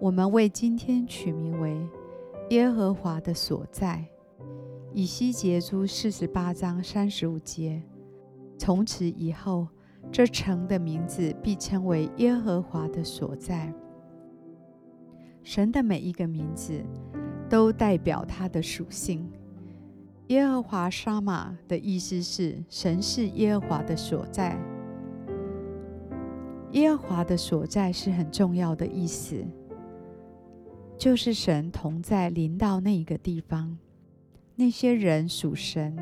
我們為今天取名為“耶和華的所在”。以西結書四十八章三十五節：“從此以後，這城的名字必稱為耶和華的所在。”神的每一個名字都代表他的屬性。耶和華沙馬的意思是“神是耶和華的所在”。耶和華的所在是很重要的意思。就是神同在臨到那一個地方，那些人屬神，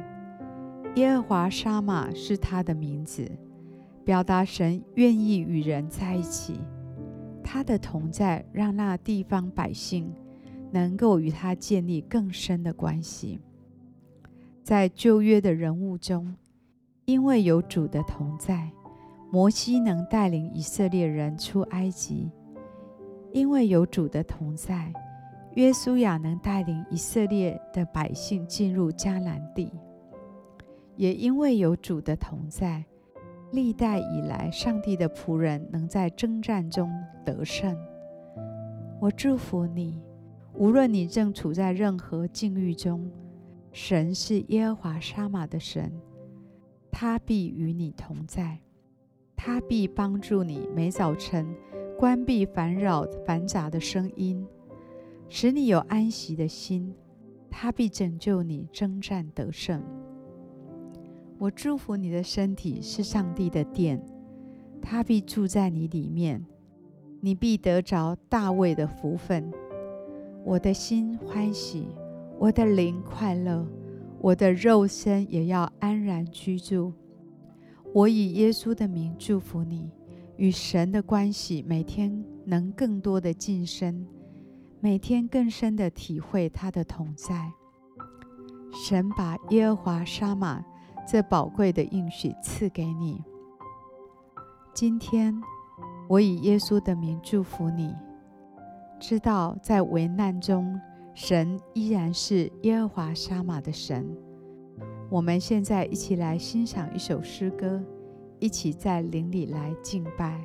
耶和華沙瑪是他的名字，表達神願意與人在一起。他的同在讓那地方百姓能夠與他建立更深的關係。在舊約的人物中，因為有主的同在，摩西能帶領以色列人出埃及。因為有主的同在，約書亞能帶領以色列的百姓進入迦南地；也因為有主的同在，歷代以來，上帝的僕人能在征戰中得勝。我祝福你，無論你正處在任何境遇中，神是耶和華沙瑪的神，他必與你同在，他必幫助你。每早晨，關閉煩擾繁雜的聲音，使你有安息的心，他必拯救你，征戰得勝。我祝福你的身體是上帝的殿，他必住在你裡面，你必得着大衛的福分。我的心歡喜，我的靈快樂，我的肉身也要安然居住。我以耶穌的名祝福你。與神的關係，每天能更多的進深，每天更深的體會他的同在。神把耶和華沙瑪這寶貴的應許賜給你。今天，我以耶穌的名祝福你，知道在危難中，神依然是耶和華沙瑪的神。我們現在一起來欣賞一首詩歌。一起在靈裡來敬拜。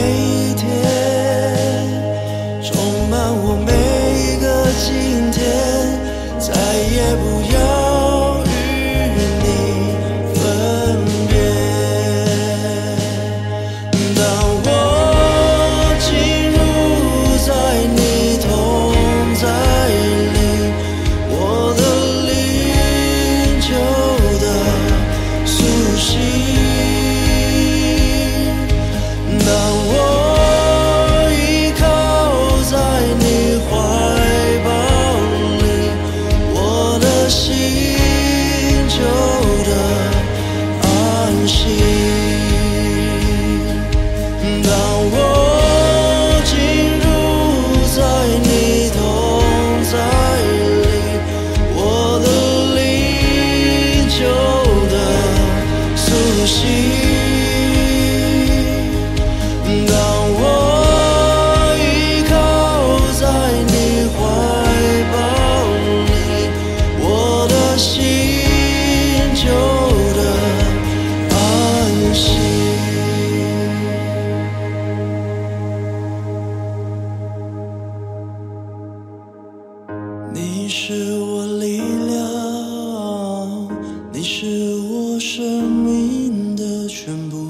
你是我力量，你是我生命的全部。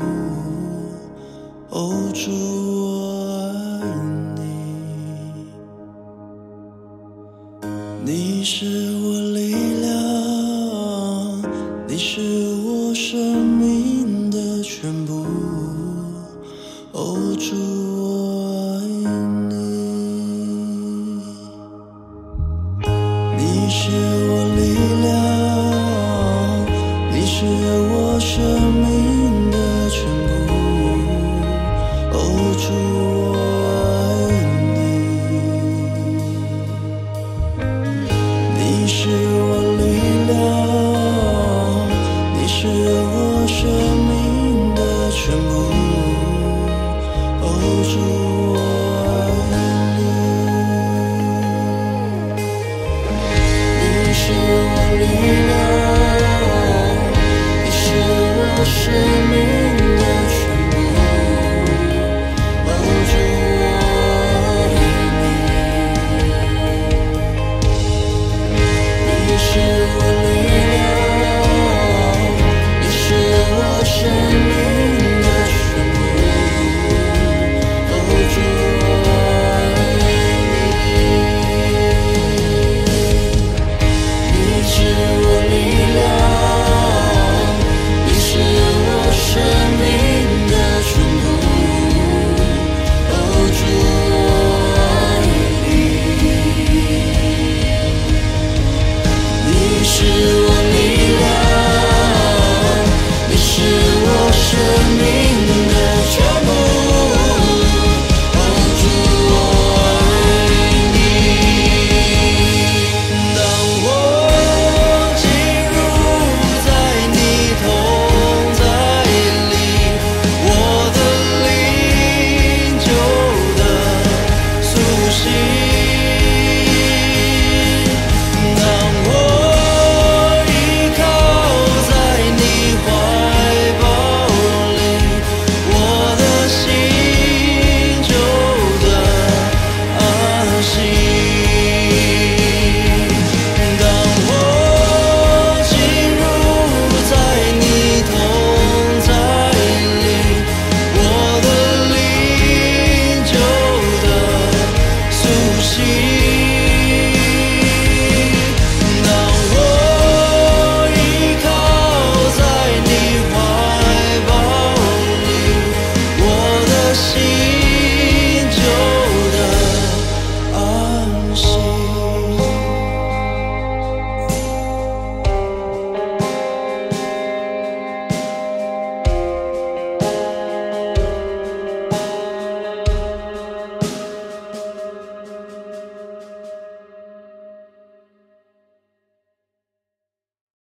哦，主，我愛你。你是我力量，你是我生命的全部。哦，主。你是我力量，你是我生命的全部，握、哦、住我。